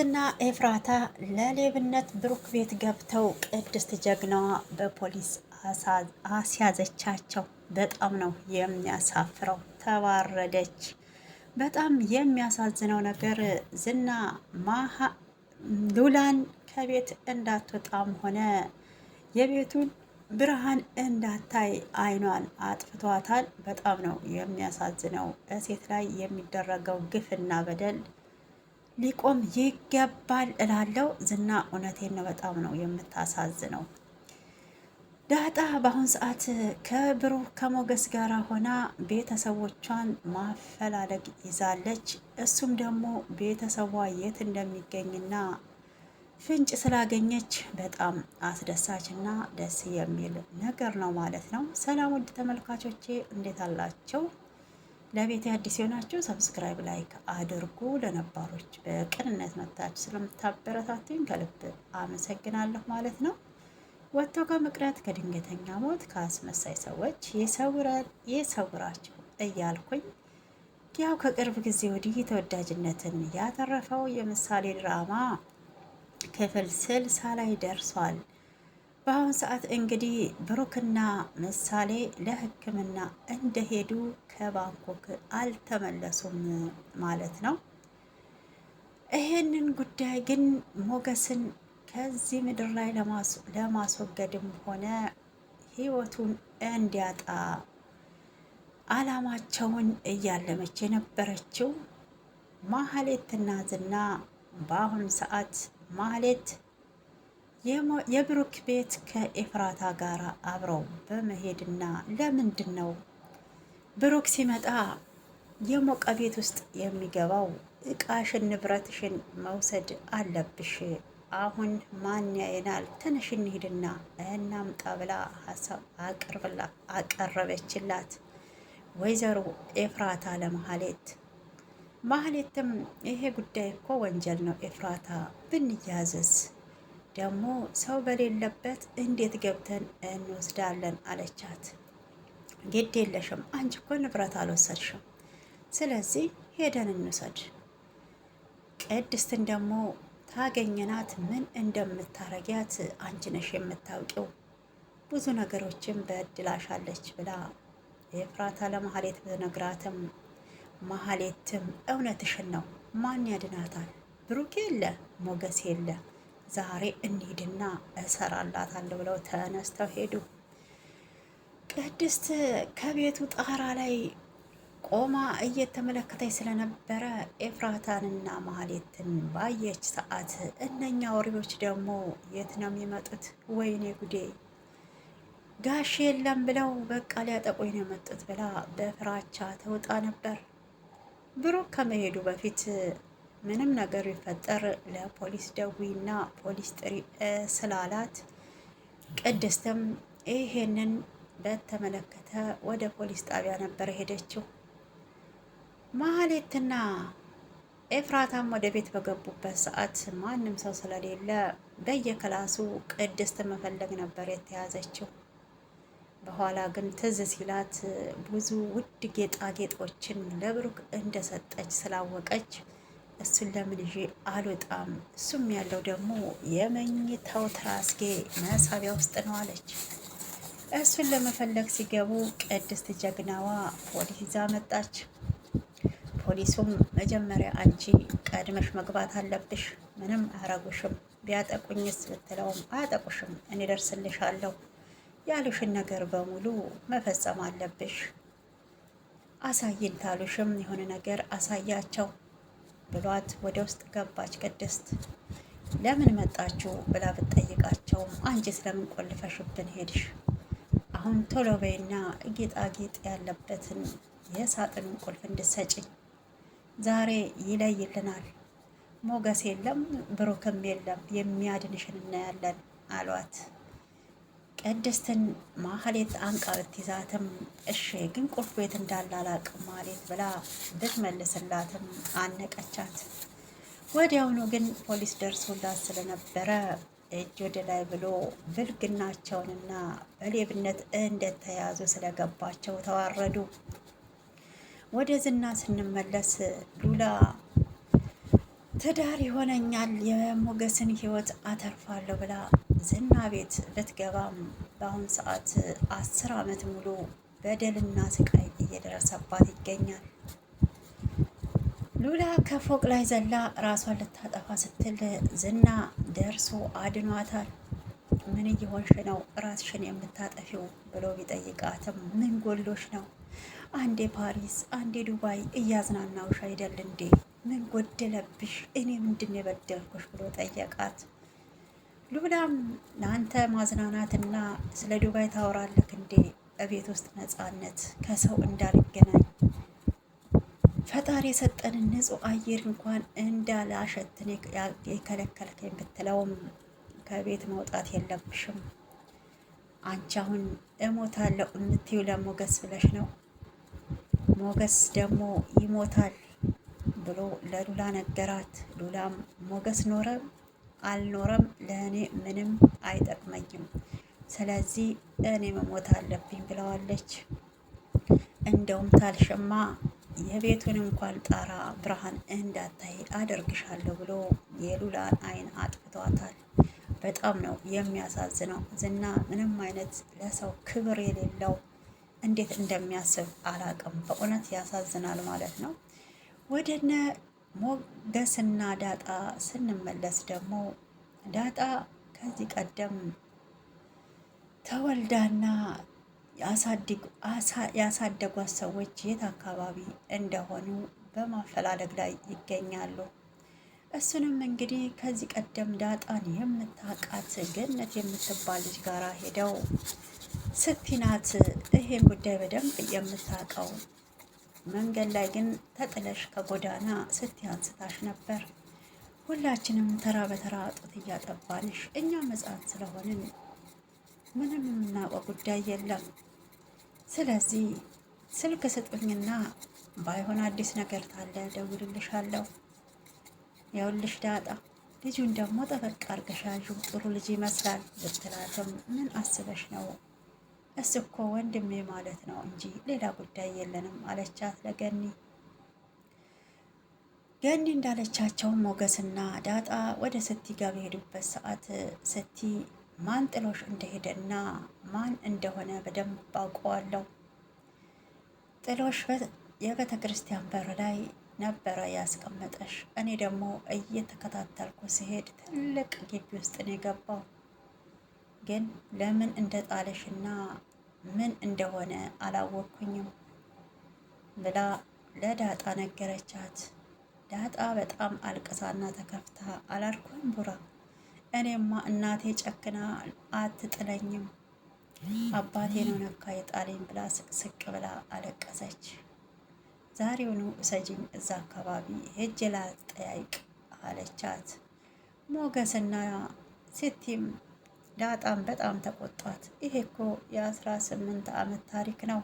ትሁትና ኤፍራታ ለሌብነት ብሩክ ቤት ገብተው ቅድስት ጀግናዋ በፖሊስ አስያዘቻቸው። በጣም ነው የሚያሳፍረው። ተባረደች በጣም የሚያሳዝነው ነገር ዝና ማሀ ሉላን ከቤት እንዳትወጣም ሆነ የቤቱን ብርሃን እንዳታይ አይኗን አጥፍቷታል። በጣም ነው የሚያሳዝነው። እሴት ላይ የሚደረገው ግፍና በደል ሊቆም ይገባል እላለው። ዝና እውነቴን ነው፣ በጣም ነው የምታሳዝነው። ዳጣ በአሁን ሰዓት ከብሩህ ከሞገስ ጋር ሆና ቤተሰቦቿን ማፈላለግ ይዛለች። እሱም ደግሞ ቤተሰቧ የት እንደሚገኝና ፍንጭ ስላገኘች በጣም አስደሳች እና ደስ የሚል ነገር ነው ማለት ነው። ሰላም ውድ ተመልካቾቼ እንዴት አላቸው? ለቤት አዲስ የሆናችሁ ሰብስክራይብ ላይክ አድርጉ። ለነባሮች በቅንነት መታች ስለምታበረታቱኝ ከልብ አመሰግናለሁ ማለት ነው። ወጥቶ ከምቅረት ከድንገተኛ ሞት ከአስመሳይ ሰዎች ይሰውራል እያልኩኝ ያው ከቅርብ ጊዜ ወዲህ ተወዳጅነትን ያተረፈው የምሳሌ ድራማ ክፍል ስልሳ ላይ ደርሷል። በአሁን ሰዓት እንግዲህ ብሩክና ምሳሌ ለሕክምና እንደሄዱ ከባንኮክ አልተመለሱም ማለት ነው። ይሄንን ጉዳይ ግን ሞገስን ከዚህ ምድር ላይ ለማስወገድም ሆነ ህይወቱን እንዲያጣ አላማቸውን እያለመች የነበረችው ማህሌትና ዝና በአሁኑ ሰዓት ማህሌት የብሩክ ቤት ከኤፍራታ ጋር አብረው በመሄድና ለምንድን ነው ብሩክ ሲመጣ የሞቀ ቤት ውስጥ የሚገባው እቃሽን ንብረትሽን መውሰድ አለብሽ። አሁን ማን ያየናል? ትንሽ እንሂድና እናምጣ ብላ ሀሳብ አቅርብላ አቀረበችላት ወይዘሮ ኤፍራታ ለመሀሌት። መሀሌትም ይሄ ጉዳይ እኮ ወንጀል ነው ኤፍራታ፣ ብንያዘዝ ደግሞ ሰው በሌለበት እንዴት ገብተን እንወስዳለን አለቻት። ግድ የለሽም አንቺ እኮ ንብረት አልወሰድሽም፣ ስለዚህ ሄደን እንውሰድ። ቅድስትን ደግሞ ታገኘናት ምን እንደምታረጊያት አንቺ ነሽ የምታውቂው፣ ብዙ ነገሮችን በድላሻለች ብላ የፍራታ ለማህሌት ብትነግራትም ማህሌትም እውነትሽን ነው ማን ያድናታል? ብሩክ የለ ሞገስ የለ ዛሬ እንሂድና እሰራላታለሁ ብለው ተነስተው ሄዱ። ቅድስት ከቤቱ ጣራ ላይ ቆማ እየተመለከተች ስለነበረ ኤፍራታንና ማህሌትን ባየች ሰዓት እነኛ ወሬዎች ደግሞ የት ነው የሚመጡት? ወይኔ ጉዴ ጋሽ የለም ብለው በቃ ሊያጠቁኝ ነው የመጡት ብላ በፍራቻ ተውጣ ነበር። ብሩክ ከመሄዱ በፊት ምንም ነገር ይፈጠር ለፖሊስ ደዊና ፖሊስ ጥሪ ስላላት ቅድስትም ይሄንን በተመለከተ ወደ ፖሊስ ጣቢያ ነበር ሄደችው። ማህሌትና ኤፍራታም ወደ ቤት በገቡበት ሰዓት ማንም ሰው ስለሌለ በየክላሱ ቅድስት መፈለግ ነበር የተያዘችው። በኋላ ግን ትዝ ሲላት ብዙ ውድ ጌጣጌጦችን ለብሩክ እንደሰጠች ስላወቀች እሱን ለምን አልወጣም? እሱም ያለው ደግሞ የመኝታው ትራስጌ መሳቢያ ውስጥ ነው አለች። እሱን ለመፈለግ ሲገቡ ቅድስት ጀግናዋ ፖሊስ ይዛ መጣች። ፖሊሱም መጀመሪያ አንቺ ቀድመሽ መግባት አለብሽ፣ ምንም አያረጉሽም፣ ቢያጠቁኝስ ብትለውም አያጠቁሽም፣ እኔ ደርስልሻለሁ፣ ያሉሽን ነገር በሙሉ መፈጸም አለብሽ፣ አሳይን ታሉሽም የሆነ ነገር አሳያቸው ብሏት ወደ ውስጥ ገባች። ቅድስት ለምን መጣችሁ ብላ ብትጠይቃቸውም አንቺ ስለምን ቆልፈሽብን ሄድሽ? አሁን ቶሎ በይና ጌጣጌጥ ያለበትን የሳጥኑን ቁልፍ እንድትሰጭኝ ዛሬ ይለይልናል። ሞገስ የለም ብሩክም የለም፣ የሚያድንሽን እናያለን አሏት። ቅድስትን ማህሌት አንቃ ብትይዛትም እሺ ግን ቁልፍ ቤት እንዳለ አላቅም ብላ ብትመልስላትም አነቀቻት። ወዲያውኑ ግን ፖሊስ ደርሶላት ስለነበረ እጅ ወደ ላይ ብሎ ብልግናቸውንና በሌብነት እንደተያዙ ስለገባቸው ተዋረዱ። ወደ ዝና ስንመለስ ሉላ ትዳር ይሆነኛል የሞገስን ህይወት አተርፋለሁ ብላ ዝና ቤት ብትገባም በአሁኑ ሰዓት አስር አመት ሙሉ በደልና ስቃይ እየደረሰባት ይገኛል። ሉላ ከፎቅ ላይ ዘላ ራሷን ልታጠፋ ስትል ዝና ደርሶ አድኗታል። ምን እየሆንሽ ነው ራስሽን የምታጠፊው ብሎ ቢጠይቃትም ምን ጎሎሽ ነው አንዴ ፓሪስ አንዴ ዱባይ እያዝናናውሽ አይደል እንዴ? ምን ጎደለብሽ? እኔ ምንድን የበደልኩሽ ብሎ ጠየቃት። ሉላም ለአንተ ማዝናናትና ስለ ዱባይ ታወራለክ እንዴ? በቤት ውስጥ ነፃነት፣ ከሰው እንዳልገናኝ ፈጣሪ የሰጠንን ንጹህ አየር እንኳን እንዳላሸትን የከለከልከኝ ብትለውም ከቤት መውጣት የለብሽም አንቺ አሁን እሞታለሁ የምትዩ ለሞገስ ብለሽ ነው ሞገስ ደግሞ ይሞታል ብሎ ለሉላ ነገራት። ሉላም ሞገስ ኖረ አልኖረም ለእኔ ምንም አይጠቅመኝም፣ ስለዚህ እኔ መሞት አለብኝ ብለዋለች። እንደውም ታልሽማ የቤቱን እንኳን ጣራ ብርሃን እንዳታይ አደርግሻለሁ ብሎ የሉላን አይን አጥፍቷታል። በጣም ነው የሚያሳዝነው። ዝና ምንም አይነት ለሰው ክብር የሌለው እንዴት እንደሚያስብ አላቅም። በእውነት ያሳዝናል ማለት ነው። ወደነ ሞገስና ዳጣ ስንመለስ ደግሞ ዳጣ ከዚህ ቀደም ተወልዳና ያሳደጓት ሰዎች የት አካባቢ እንደሆኑ በማፈላለግ ላይ ይገኛሉ። እሱንም እንግዲህ ከዚህ ቀደም ዳጣን የምታውቃት ገነት የምትባል ልጅ ጋር ሄደው ስቲናት ይሄን ጉዳይ በደንብ የምታውቀው መንገድ ላይ ግን ተጥለሽ ከጎዳና አንስታሽ ነበር። ሁላችንም ተራ በተራ ጡት እያጠባንሽ እኛ መጽሐፍ ስለሆንን ምንም የምናውቀው ጉዳይ የለም። ስለዚህ ስልክ ስጡኝና ባይሆን አዲስ ነገር ታለ ደውልልሻለሁ ያውልሽ ዳጣ ልጁን ደግሞ ጠበቅ አርገሻዡ ጥሩ ልጅ ይመስላል ብትላትም ምን አስበሽ ነው? እሱ እኮ ወንድሜ ማለት ነው እንጂ ሌላ ጉዳይ የለንም አለቻት ለገኒ። ገኒ እንዳለቻቸው ሞገስና ዳጣ ወደ ስቲ ጋር በሄዱበት ሰዓት ስቲ ማን ጥሎሽ እንደሄደና ማን እንደሆነ በደንብ ባውቀዋለሁ። ጥሎሽ የቤተ ክርስቲያን በር ላይ ነበረ ያስቀመጠሽ። እኔ ደግሞ እየተከታተልኩ ሲሄድ ትልቅ ግቢ ውስጥ ነው የገባው። ግን ለምን እንደጣለሽ እና ምን እንደሆነ አላወቅኩኝም ብላ ለዳጣ ነገረቻት። ዳጣ በጣም አልቅሳና ተከፍታ አላልኩም ቡራ፣ እኔማ እናቴ ጨክና አትጥለኝም አባቴ ነው ነካ የጣለኝ ብላ ስቅስቅ ብላ አለቀሰች። ዛሬውኑ እሰጂኝ እዛ አካባቢ ሄጄ ላጠያይቅ አለቻት። ሞገስና ሴቲም ዳጣም በጣም ተቆጧት። ይሄ እኮ የአስራ ስምንት ዓመት ታሪክ ነው።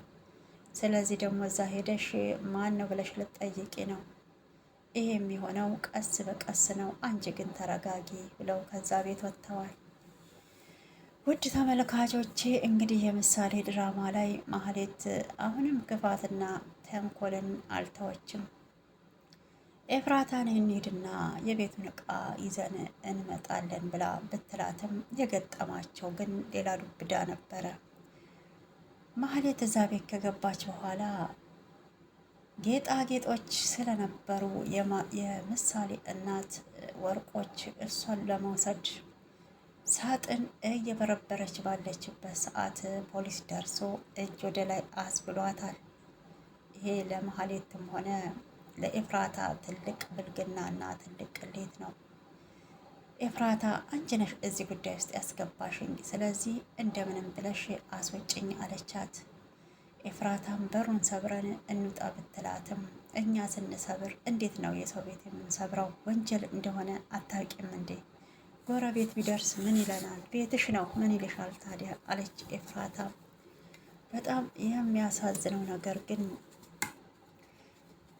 ስለዚህ ደግሞ እዛ ሄደሽ ማን ነው ብለሽ ልጠይቂ ነው። ይሄ የሚሆነው ቀስ በቀስ ነው። አንቺ ግን ተረጋጊ ብለው ከዛ ቤት ወጥተዋል። ውድ ተመልካቾቼ እንግዲህ የምሳሌ ድራማ ላይ ማህሌት አሁንም ክፋትና ተንኮልን አልተወችም። ኤፍራታን እንሂድና የቤቱን ዕቃ ይዘን እንመጣለን ብላ ብትላትም የገጠማቸው ግን ሌላ ዱብዳ ነበረ። ማህሌት እዛ ቤት ከገባች በኋላ ጌጣጌጦች ስለነበሩ የምሳሌ እናት ወርቆች እሷን ለመውሰድ ሳጥን እየበረበረች ባለችበት ሰዓት ፖሊስ ደርሶ እጅ ወደ ላይ አስብሏታል። ይሄ ለመሀሌትም ሆነ ለኤፍራታ ትልቅ ብልግና እና ትልቅ ቅሌት ነው። ኤፍራታ አንቺ ነሽ እዚህ ጉዳይ ውስጥ ያስገባሽኝ፣ ስለዚህ እንደምንም ብለሽ አስወጭኝ አለቻት። ኤፍራታም በሩን ሰብረን እንውጣ ብትላትም እኛ ስንሰብር እንዴት ነው የሰው ቤት የምንሰብረው? ወንጀል እንደሆነ አታውቂም እንዴ? ጎረቤት ቢደርስ ምን ይለናል? ቤትሽ ነው ምን ይልሻል ታዲያ? አለች ኤፍራታ። በጣም የሚያሳዝነው ነገር ግን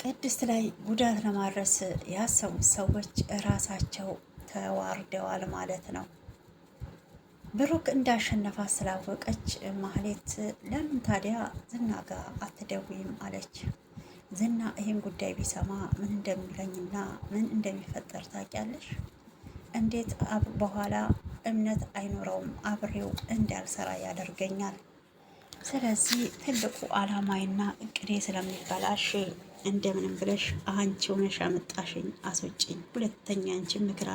ቅድስት ላይ ጉዳት ለማድረስ ያሰቡት ሰዎች እራሳቸው ተዋርደዋል ማለት ነው። ብሩክ እንዳሸነፋ ስላወቀች ማህሌት ለምን ታዲያ ዝና ጋር አትደውይም? አለች። ዝና ይህን ጉዳይ ቢሰማ ምን እንደሚለኝና ምን እንደሚፈጠር ታውቂያለሽ? እንዴት በኋላ እምነት አይኖረውም አብሬው እንዳልሰራ ያደርገኛል። ስለዚህ ትልቁ አላማይና እቅዴ ስለሚበላሽ እንደምንም ብለሽ አንቺ ሆነሽ አመጣሽኝ አስወጭኝ። ሁለተኛ አንቺ ምክር